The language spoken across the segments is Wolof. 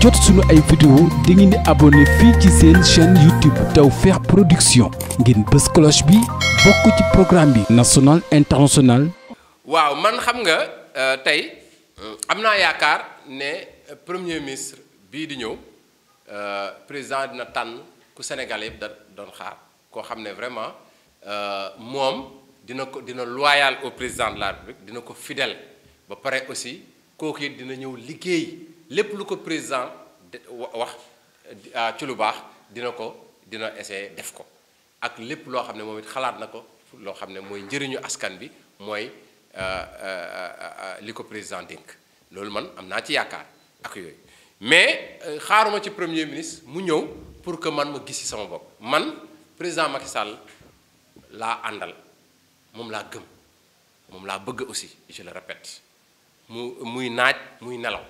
jot suñu ay vidéo da ngeen di abonné fii ci seen chaîne YouTube Tawfekh Production ngeen bës cloche bi bokk ci programme bi national international waaw man xam nga euh, tey euh, am naa yaakaar ne euh, premier ministre bii di ñëw président dina tànn ku Sénégal yëpp da doon xaar koo xam ne vraiment moom dina ko dina loyal au président de dina ko fidèle ba pare aussi kooku it dina ñëw liggéey lépp lu ko président wax ah, ci lu baax dina ko dina essayer def ko ak lépp loo xam ne moom it xalaat na ko loo xam ne mooy njëriñu askan bi mooy ah, ah, li ko président dénk loolu man am naa ci yaakaar ak yooyu mais euh, xaaruma ci premier ministre mu ñëw pour que man ma gis ci sama bopp man président Macky Sall laa àndal moom laa gëm moom laa bëgg aussi je le répète mu muy naaj muy nelaw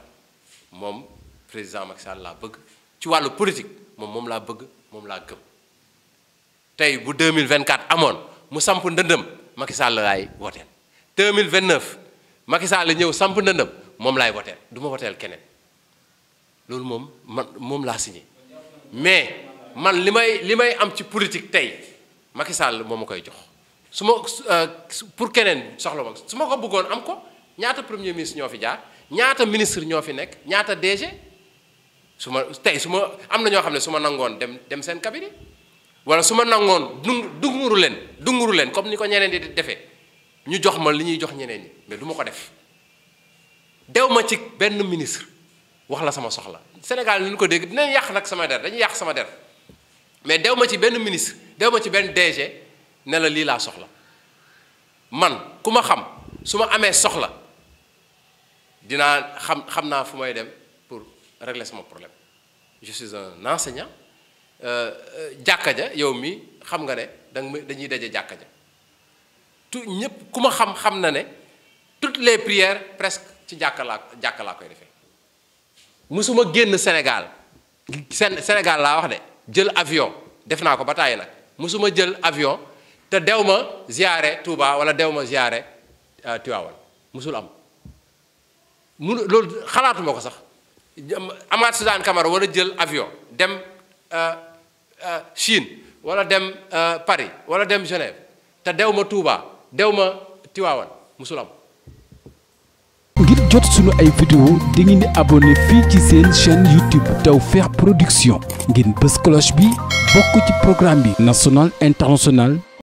moom président Macky Sall laa bëgg ci wàllu politique moom moom laa bëgg moom laa gëm tey bu mille vingt 2024 amoon mu samp ndëndëm Macky Sall laay woteel 2029 Macky Sall ñëw samp ndëndëm moom laay woteel du ma woteel keneen loolu moom man moom laa signé mais man li may li may am ci politique tey Macky Sall moo ma koy jox su ma euh, pour keneen soxla ma su ma ko bëggoon am ko ñaata premier ministre ñoo fi jaar. ñaata ministre ñoo fi nekk ñaata DG su ma tey su ma am na ñoo xam ne su ma nangoon dem dem seen cabinet wala su ma nangoon dung dunguru leen dunguru leen comme ni ko ñeneen di defee ñu jox ma li ñuy jox ñeneen ñi mais du ma ko def dew ma ci benn ministre wax la sama soxla Sénégal ni ñu ko dégg dinañ yàq nag sama der dañuy yàq sama der mais dew ma ci benn ministre dew ma ci benn DG ne la lii laa soxla man ku ma xam su ma amee soxla dinaa xam xam naa fu may dem pour régler sama problème je suis un enseignant euh, euh, jàkka ja yow mi xam nga ne danga dañuy daje jàkka ja tout ñépp ku ma xam xam na ne toutes les prières presque ci jàkka laa jàkka laa koy defee musuma génn Sénégal seen Sénégal laa wax de jël avion def naa ko ba tàyyi nag mosuma jël avion te dew ma ziyaare Touba wala dew ma ziyaare euh, Tivaouane mosul am mu loolu xalaatuma ko sax Amath Suzanne Camara war a jël avion dem euh, euh, Chine wala dem euh, Paris wala dem Genève te dew ma Touba dew ma Tiwaawan musul am ngir jot sunu ay vidéo di ngeen di fii ci seen chaîne YouTube Tawfekh Production ngeen bës cloche bi bokk ci programme bi national international